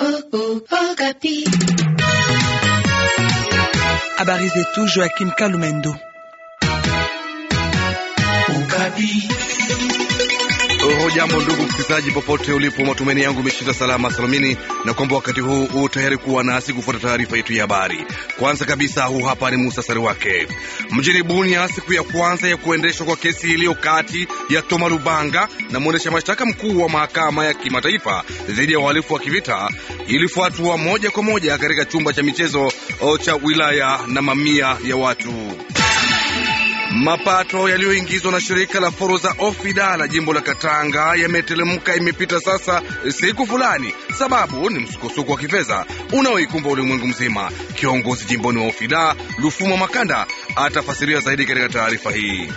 Oh, oh, Okapi. Habari toujours Joachim Kalumendo. jambo ndugu msikilizaji, popote ulipo, matumaini yangu umeshinda salama salamini, na kwamba wakati huu u tayari kuwa nasi kufuata taarifa yetu ya habari. Kwanza kabisa, huu hapa ni muhtasari wake. Mjini Bunia, siku ya kwanza ya kuendeshwa kwa kesi iliyo kati ya Toma Lubanga na mwendesha mashtaka mkuu wa mahakama ya kimataifa dhidi ya uhalifu wa kivita ilifuatwa moja kwa moja katika chumba cha michezo cha wilaya na mamia ya watu Mapato yaliyoingizwa na shirika la forodha Ofida la jimbo la Katanga yametelemka, imepita sasa siku fulani. Sababu ni msukosuko wa kifedha unaoikumba ulimwengu mzima. Kiongozi jimboni wa Ofida Lufumo Makanda atafasiria zaidi katika taarifa hii.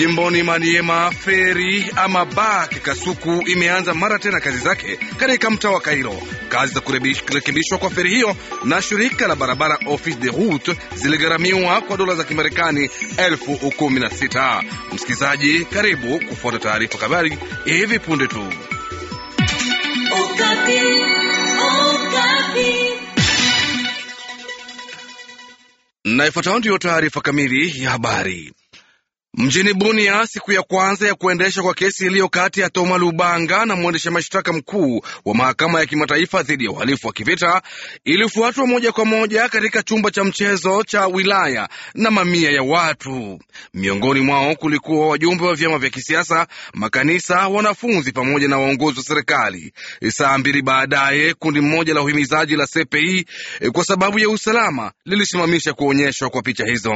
Jimboni Maniema, feri ama baa Kikasuku imeanza mara tena kazi zake katika mtaa wa Kairo. Kazi za kurekebishwa kwa feri hiyo na shirika la barabara Office de Route ziligharamiwa kwa dola za Kimarekani elfu kumi na sita. Msikilizaji, karibu kufuata taarifa habari hivi punde tu. Na ifuatayo ndiyo taarifa kamili ya habari. Mjini Bunia, siku ya kwanza ya kuendeshwa kwa kesi iliyo kati ya Toma Lubanga na mwendesha mashtaka mkuu wa mahakama ya kimataifa dhidi ya uhalifu wa kivita ilifuatwa moja kwa moja katika chumba cha mchezo cha wilaya na mamia ya watu. Miongoni mwao kulikuwa wajumbe wa vyama vya kisiasa, makanisa, wanafunzi pamoja na waongozi wa serikali. Saa mbili baadaye, kundi mmoja la uhimizaji la CPI eh, kwa sababu ya usalama lilisimamisha kuonyeshwa kwa picha hizo.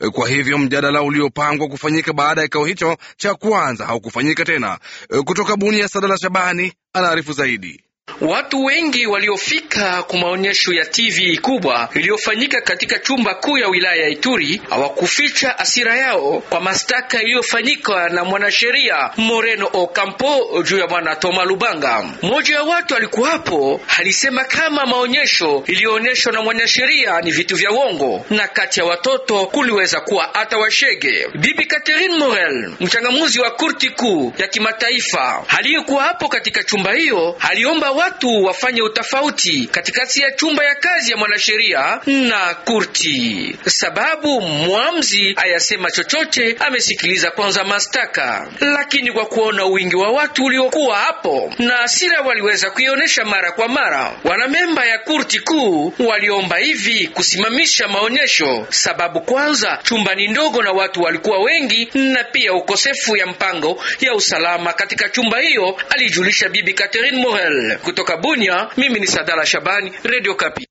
Eh, kwa hivyo mjadala uliopangwa kufanyika baada ya kikao hicho cha kwanza haukufanyika tena. E, kutoka Bunia, Sadala Shabani anaarifu zaidi. Watu wengi waliofika kwa maonyesho ya TV kubwa iliyofanyika katika chumba kuu ya wilaya ya Ituri hawakuficha asira yao kwa mashtaka iliyofanyika na mwanasheria Moreno Ocampo juu ya bwana Toma Lubanga. Mmoja wa watu alikuwa hapo, alisema kama maonyesho iliyoonyeshwa na mwanasheria ni vitu vya uongo na kati ya watoto kuliweza kuwa hata washege. Bibi Catherine Morel, mchangamuzi wa kurti kuu ya kimataifa, aliyekuwa hapo katika chumba hiyo, aliomba watu wafanye utofauti katikati ya chumba ya kazi ya mwanasheria na kurti, sababu mwamzi ayasema chochote, amesikiliza kwanza mashtaka. Lakini kwa kuona wingi wa watu uliokuwa hapo na asira waliweza kuionyesha mara kwa mara, wanamemba ya kurti kuu waliomba hivi kusimamisha maonyesho, sababu kwanza chumba ni ndogo na watu walikuwa wengi, na pia ukosefu ya mpango ya usalama katika chumba hiyo, alijulisha Bibi Catherine Morel kutoka Bunia, mimi ni Sadala Shabani, Radio Kapi.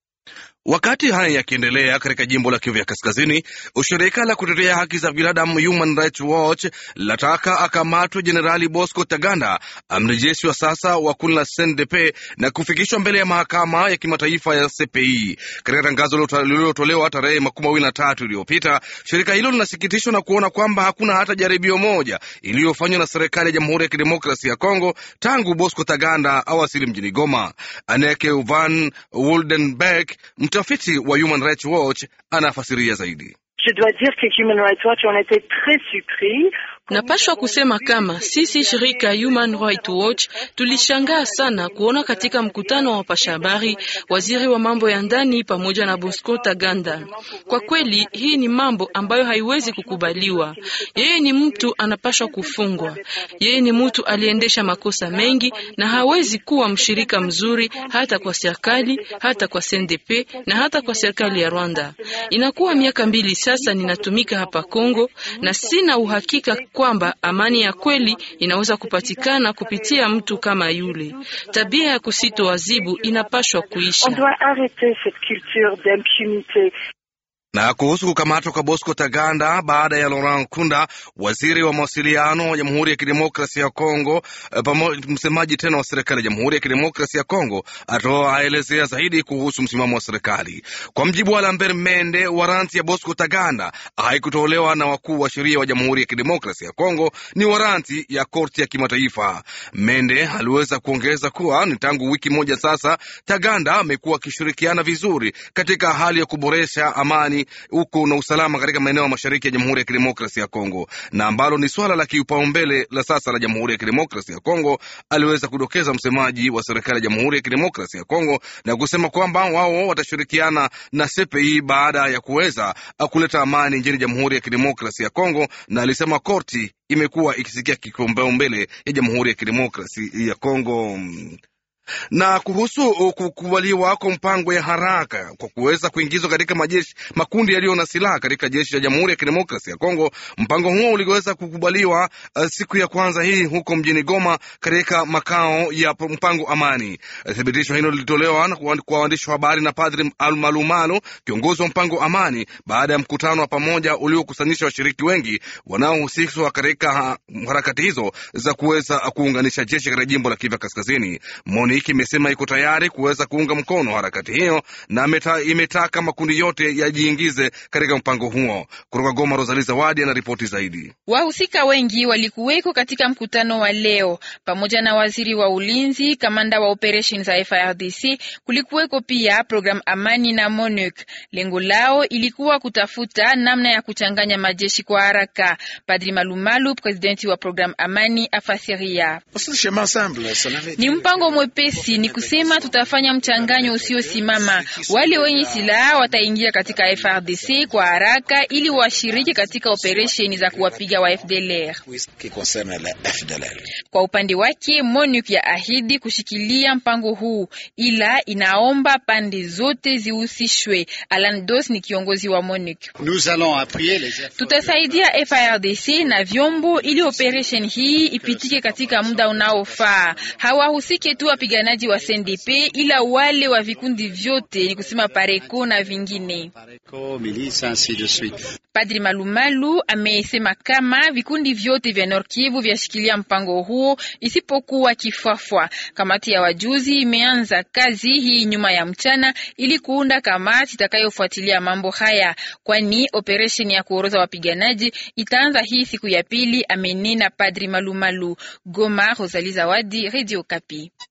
Wakati haya yakiendelea katika jimbo la Kivu ya Kaskazini, shirika la kutetea haki za binadamu Human Rights Watch lataka akamatwe Jenerali Bosco Taganda, amrejeshi wa sasa wa kundi la SNDP na kufikishwa mbele ya mahakama ya kimataifa ya CPI. Katika tangazo lililotolewa tarehe makumi mawili na tatu iliyopita, shirika hilo linasikitishwa na kuona kwamba hakuna hata jaribio moja iliyofanywa na serikali ya Jamhuri ya Kidemokrasi ya Kongo tangu Bosco Taganda awasili mjini Goma. Anneke van Woldenberg Mtafiti wa Human Rights Watch anafasiria zaidi. Je dois dire que Human Rights Watch ont était très surpris Napashwa kusema kama sisi shirika Human Rights Watch tulishangaa sana kuona katika mkutano wa wapasha habari waziri wa mambo ya ndani pamoja na Bosco ganda Kwa kweli hii ni mambo ambayo haiwezi kukubaliwa. Yeye ni mtu anapashwa kufungwa. Yeye ni mtu aliendesha makosa mengi na hawezi kuwa mshirika mzuri hata kwa serikali, hata kwa CNDP na hata kwa serikali ya Rwanda. Inakuwa miaka mbili sasa ninatumika hapa Kongo na sina uhakika kwamba amani ya kweli inaweza kupatikana kupitia mtu kama yule. Tabia ya kusito wazibu inapashwa kuisha. Na kuhusu kukamatwa kwa Bosco Taganda baada ya Laurent kunda waziri wa mawasiliano wa Jamhuri ya Kidemokrasia ya Kongo, eh, msemaji tena wa serikali ya Jamhuri ya Kidemokrasia ya Kongo, atoa aelezea zaidi kuhusu msimamo wa serikali. Kwa mjibu wa Lambert Mende, waranti ya Bosco Taganda haikutolewa na wakuu wa sheria wa Jamhuri ya Kidemokrasia ya Kongo, ni waranti ya korti ya kimataifa. Mende aliweza kuongeza kuwa ni tangu wiki moja sasa Taganda amekuwa akishirikiana vizuri katika hali ya kuboresha amani huko na usalama katika maeneo ya mashariki ya Jamhuri ya Kidemokrasia ya Kongo, na ambalo ni swala la kiupaumbele la sasa la Jamhuri ya Kidemokrasia ya Kongo, aliweza kudokeza msemaji wa serikali ya Jamhuri ya Kidemokrasia ya Kongo na kusema kwamba wao watashirikiana na CPI baada ya kuweza kuleta amani nchini Jamhuri ya Kidemokrasia ya Kongo, na alisema korti imekuwa ikisikia kipaumbele ya Jamhuri ya Kidemokrasia ya Kongo na kuhusu uh, kukubaliwa kwa mpango ya haraka kwa kuweza kuingizwa katika majeshi makundi yaliyo na silaha katika jeshi la Jamhuri ya Kidemokrasia ya Kongo. Mpango huo uliweza kukubaliwa uh, siku ya kwanza hii huko mjini Goma katika makao ya mpango amani. Uh, thibitisho hilo lilitolewa kwa waandishi wa habari na Padri Almalumalu, kiongozi wa mpango amani, baada ya mkutano wa pamoja uliokusanyisha washiriki wengi wanaohusishwa katika uh, harakati hizo za kuweza kuunganisha jeshi katika jimbo la Kivu Kaskazini Moni Mozambiki imesema iko tayari kuweza kuunga mkono harakati hiyo na meta, imetaka makundi yote yajiingize katika mpango huo. Kutoka Goma, Rosali Zawadi anaripoti zaidi. Wahusika wengi walikuweko katika mkutano wa leo pamoja na waziri wa ulinzi, kamanda wa operesheni za FRDC. Kulikuweko pia program Amani na MONUC. Lengo lao ilikuwa kutafuta namna ya kuchanganya majeshi kwa haraka. Padri Malumalu, presidenti wa program Amani, afasiria ni mpango mwepe upesi ni kusema tutafanya mchanganyo usiosimama. Wale wenye silaha wataingia katika FRDC kwa haraka ili washiriki katika operesheni za kuwapiga wa FDLR. Kwa upande wake, MONUC ya ahidi kushikilia mpango huu, ila inaomba pande zote zihusishwe. Alan Dos ni kiongozi wa MONUC. Tutasaidia FRDC na vyombo ili operesheni hii ipitike katika muda unaofaa. Hawahusiki tu wapiga wapiganaji wa CNDP ila wale wa vikundi vyote ni kusema Pareko na vingine. Padri Malumalu amesema kama vikundi vyote vya Nord Kivu vyashikilia mpango huo isipokuwa kifafwa Kamati ya wajuzi imeanza kazi hii nyuma ya mchana ili kuunda kamati itakayofuatilia mambo haya, kwani operesheni ya kuoroza wapiganaji itaanza hii siku ya pili, amenena Padri Malumalu. Goma, Rosalie Zawadi, Radio Kapi.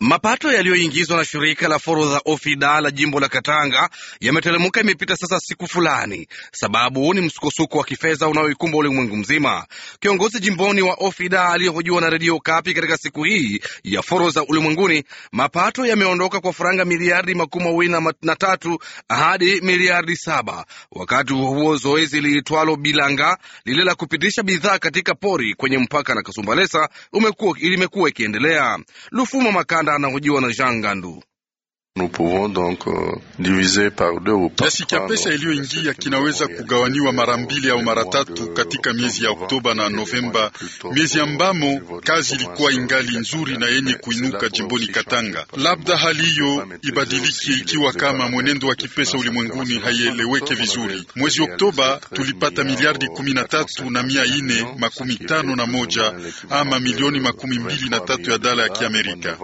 Mapato yaliyoingizwa na shirika la forodha OFIDA la jimbo la Katanga yameteremuka imepita sasa siku fulani. Sababu ni msukosuko wa kifedha unaoikumba ulimwengu mzima. Kiongozi jimboni wa OFIDA aliyehojiwa na redio Kapi katika siku hii ya forodha ulimwenguni, mapato yameondoka kwa faranga miliardi makumi mawili na tatu hadi miliardi saba. Wakati huo zoezi liitwalo bilanga lile la kupitisha bidhaa katika pori kwenye mpaka na Kasumbalesa limekuwa ikiendelea. Lufuma Makanda sana kujiwa na Jean Gandu. Nous pouvons donc, euh, diviser par deux ou kiasi cha pesa iliyoingia kinaweza kugawaniwa mara mbili au mara tatu katika miezi ya Oktoba na Novemba, miezi ambamo kazi ilikuwa ingali nzuri na yenye kuinuka jimboni Katanga. Labda hali hiyo ibadilike ikiwa kama mwenendo wa kipesa ulimwenguni haieleweke vizuri. Mwezi Oktoba tulipata miliardi kumi na tatu na mia ine makumi tano na moja ama milioni makumi mbili na tatu ya dola ya Kiamerika.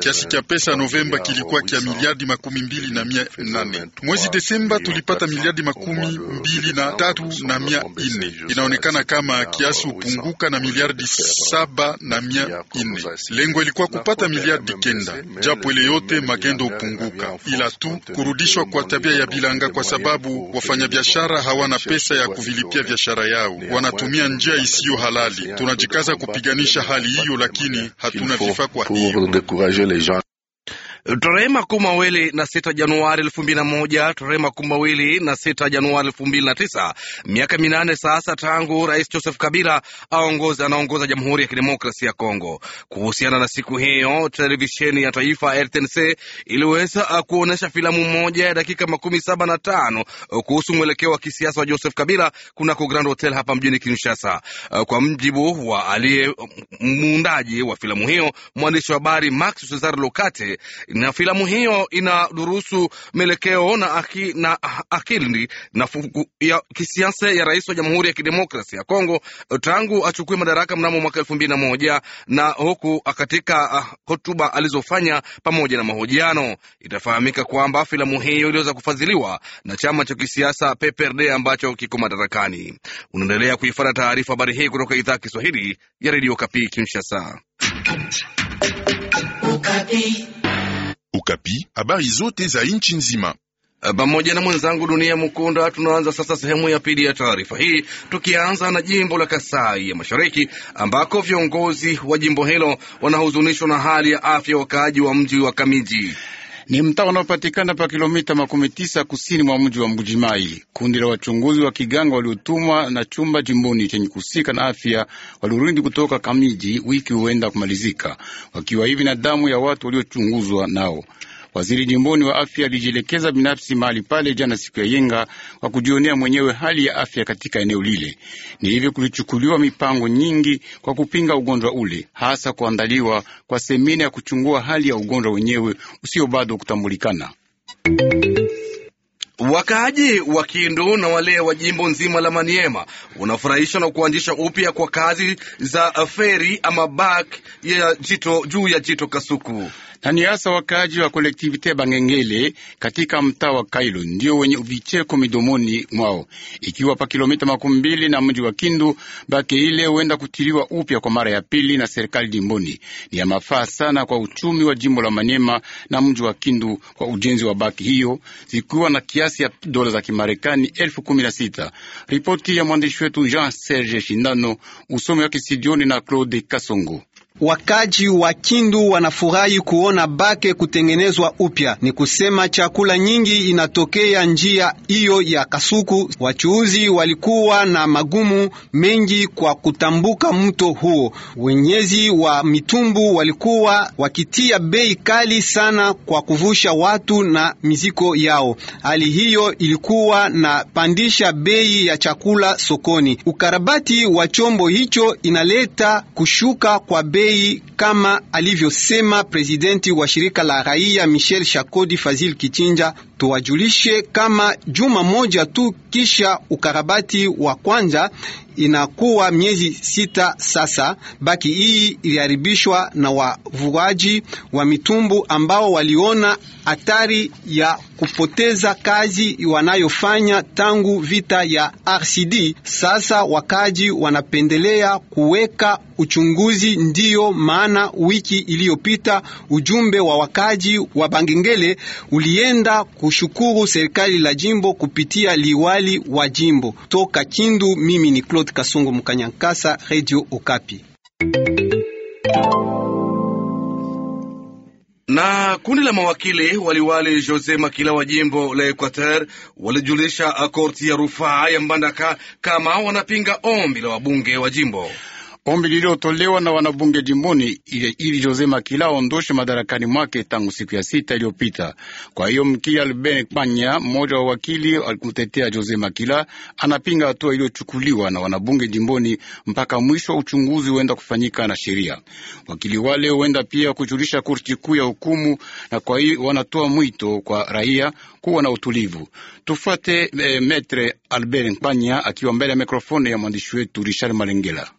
Kiasi cha pesa Novemba kilikuwa kia miliardi makumi mbili na mia nane. Mwezi Desemba tulipata miliardi makumi mbili na tatu na mia ine. Inaonekana kama kiasi ah, hupunguka na miliardi saba na mia ine. Lengo ilikuwa kupata miliardi kenda, japo ile yote magendo hupunguka, ila tu kurudishwa kwa tabia ya bilanga, kwa sababu wafanyabiashara hawana pesa ya kuvilipia biashara yao, wanatumia njia isiyo halali. Tunajikaza kupiganisha hali hiyo, lakini hatuna vifaa kwa hiyo. Tarehe makumi mawili na sita Januari elfu mbili na moja tarehe makumi mawili na sita Januari elfu mbili na tisa miaka minane sasa tangu Rais Joseph Kabila aongoza anaongoza Jamhuri ya Kidemokrasia ya Kongo. Kuhusiana na siku hiyo, televisheni ya taifa RTNC iliweza kuonyesha filamu moja ya dakika makumi saba na tano kuhusu mwelekeo wa kisiasa wa Joseph Kabila kunako Grand Hotel hapa mjini Kinshasa. Kwa mjibu wa aliye muundaji wa filamu hiyo, mwandishi wa habari Max Cesar Lokate na filamu hiyo inadurusu melekeo na, akili na akili na kisiasa ya rais wa Jamhuri ya Kidemokrasia ya Kongo eh, tangu achukue madaraka mnamo mwaka elfu mbili na moja na huku katika ah, hotuba alizofanya pamoja na mahojiano. Itafahamika kwamba filamu hiyo iliweza kufadhiliwa na chama cha kisiasa PPRD ambacho kiko madarakani. Unaendelea kuifata taarifa habari hii kutoka idhaa Kiswahili ya redio Kapi Kinshasa. Ukapi, habari zote za nchi nzima eh, pamoja na mwenzangu Dunia Mukunda. Tunaanza sasa sehemu ya pili ya taarifa hii, tukianza na jimbo la Kasai ya Mashariki ambako viongozi wa jimbo hilo wanahuzunishwa na hali ya afya wakaaji wa mji wa Kamiji ni mtaa unaopatikana pa kilomita makumi tisa kusini mwa mji wa Mbujimai. Kundi la wachunguzi wa kiganga waliotumwa na chumba jimboni chenye kuhusika na afya walirudi kutoka Kamiji wiki huenda kumalizika, wakiwa hivi na damu ya watu waliochunguzwa nao Waziri jimboni wa afya alijielekeza binafsi mahali pale jana siku ya Yenga kwa kujionea mwenyewe hali ya afya katika eneo lile. Ni hivyo kulichukuliwa mipango nyingi kwa kupinga ugonjwa ule, hasa kuandaliwa kwa, semina ya kuchungua hali ya ugonjwa wenyewe usio bado kutambulikana. Wakaaji wa Kindu na wale wa jimbo nzima la Maniema unafurahishwa na kuanzisha upya kwa kazi za feri ama bak ya jito juu ya jito Kasuku na ni hasa wakaaji wa kolektivite ya Bangengele katika mtaa wa Kailo ndio wenye vicheko midomoni mwao, ikiwa pa kilomita makumi mbili na mji wa Kindu. Bake ile huenda kutiliwa upya kwa mara ya pili na serikali jimboni. Ni ya mafaa sana kwa uchumi wa jimbo la Manyema na mji wa Kindu kwa ujenzi wa baki hiyo, zikiwa na kiasi ya dola za Kimarekani elfu kumi na sita. Ripoti ya mwandishi wetu Jean Serge Shindano, usomi wa kisidioni na Claude Kasongo. Wakaji wa Kindu wanafurahi kuona bake kutengenezwa upya, ni kusema chakula nyingi inatokea njia hiyo ya Kasuku. Wachuuzi walikuwa na magumu mengi kwa kutambuka mto huo, wenyezi wa mitumbu walikuwa wakitia bei kali sana kwa kuvusha watu na miziko yao. Hali hiyo ilikuwa na pandisha bei ya chakula sokoni. Ukarabati wa chombo hicho inaleta kushuka kwa bei bei kama alivyosema presidenti wa shirika la raia Michel Shakodi Fazil Kichinja. Tuwajulishe kama juma moja tu kisha ukarabati wa kwanza inakuwa miezi sita sasa. Baki hii iliharibishwa na wavuaji wa mitumbu ambao waliona hatari ya kupoteza kazi wanayofanya tangu vita ya RCD. Sasa wakaji wanapendelea kuweka uchunguzi, ndiyo maana wiki iliyopita ujumbe wa wakaji wa Bangengele ulienda kushukuru serikali la jimbo kupitia liwali wa jimbo toka Kindu. Mimi ni Claude Claude Kasungu Mukanyankasa, Radio Okapi. na kundi la mawakili waliwali Jose Makila wa jimbo la Equateur walijulisha korti ya rufaa ya Mbandaka kama wanapinga ombi la wabunge wa jimbo ombi lililotolewa na wanabunge jimboni ili Jose Makila ondoshe madarakani mwake tangu siku ya sita iliyopita. Kwa hiyo mkia Lben Panya, mmoja wa wakili alikutetea Jose Makila, anapinga hatua iliyochukuliwa na wanabunge jimboni mpaka mwisho wa uchunguzi huenda kufanyika na sheria. Wakili wale huenda pia kujulisha kurti kuu ya hukumu, na kwa hiyo wanatoa mwito kwa raia kuwa na utulivu. Tufuate eh, Metre Albert Kpanya akiwa mbele ya mikrofoni ya mwandishi wetu Richard Malengela.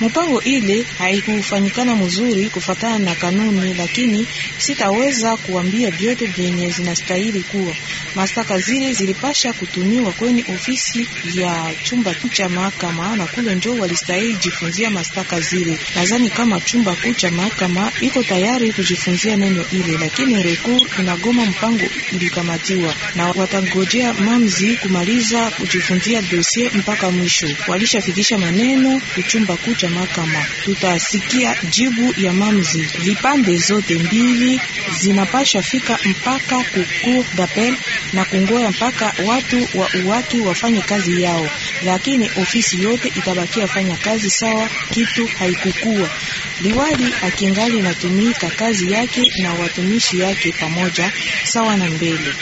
Mpango ile haikufanyikana mzuri kufatana na kanuni, lakini sitaweza kuambia vyote vyenye zinastahili kuwa. Mashtaka zile zilipasha kutumiwa kwenye ofisi ya chumba cha mahakama, na kule njo walistahili jifunzia mashtaka zile. Nadhani kama chumba kuu cha mahakama iko tayari kujifunzia neno ile, lakini rekur inagoma mpango ilikamatiwa, na watangojea mamzi kumaliza kujifunzia dosie mpaka mwisho. Walishafikisha maneno maneno kuchumba kucha makama mahakama. Tutasikia jibu ya mamzi. Vipande zote mbili zinapasha fika mpaka kuku dapel na kungoya mpaka watu wa uwaki wafanye kazi yao, lakini ofisi yote itabakia fanya kazi sawa, kitu haikukua. Liwali akingali natumika kazi yake na watumishi yake pamoja sawa na mbele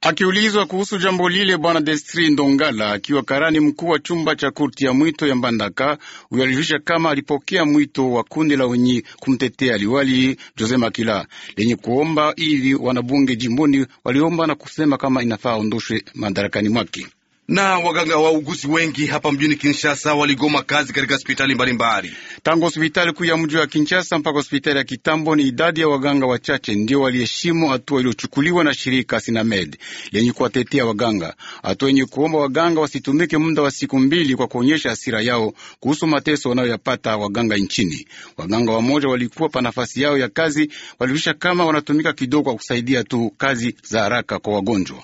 Akiulizwa kuhusu jambo lile, bwana Destri Ndongala akiwa karani mkuu wa chumba cha kurti ya mwito ya Mbandaka uyalijulisha kama alipokea mwito wa kundi la wenye kumtetea liwali Jose Makila lenye kuomba ili wanabunge jimboni waliomba na kusema kama inafaa aondoshwe madarakani mwake na waganga wauguzi wengi hapa mjini Kinshasa waligoma kazi katika hospitali mbalimbali. Tangu hospitali kuu ya mji wa Kinshasa mpaka hospitali ya Kitambo, ni idadi ya waganga wachache ndio waliheshimu hatua iliyochukuliwa na shirika Sinamed lenye kuwatetea waganga, hatua yenye kuomba waganga wasitumike muda wa siku mbili kwa kuonyesha hasira yao kuhusu mateso wanayoyapata waganga nchini. Waganga wamoja walikuwa pa nafasi yao ya kazi, walirusha kama wanatumika kidogo kwa kusaidia tu kazi za haraka kwa wagonjwa.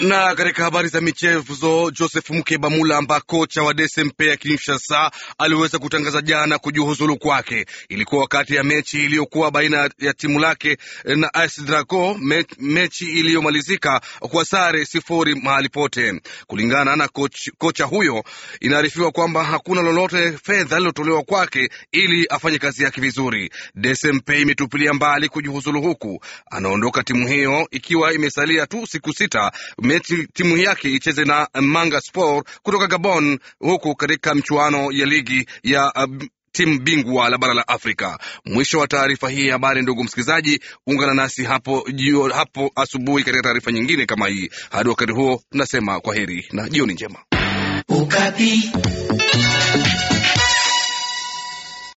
Na katika habari za michezo, Joseph Mkeba Mulamba, kocha wa DSMP ya Kinshasa, aliweza kutangaza jana kujiuzulu kwake. Ilikuwa wakati ya mechi iliyokuwa baina ya timu lake na AS Draco, mechi iliyomalizika kwa sare sifuri mahali pote. Kulingana na koch, kocha huyo, inaarifiwa kwamba hakuna lolote fedha lilotolewa kwake ili afanye kazi yake vizuri. DSMP imetupilia mbali kujiuzulu, huku anaondoka timu hiyo ikiwa imesalia tu siku sita mechi timu yake icheze na Manga Sport kutoka Gabon, huku katika mchuano ya ligi ya uh, timu bingwa la bara la Afrika. Mwisho wa taarifa hii habari. Ndugu msikilizaji, ungana nasi hapo jio, hapo asubuhi katika taarifa nyingine kama hii. Hadi wakati huo, tunasema kwa heri na jioni njema. Ukapi.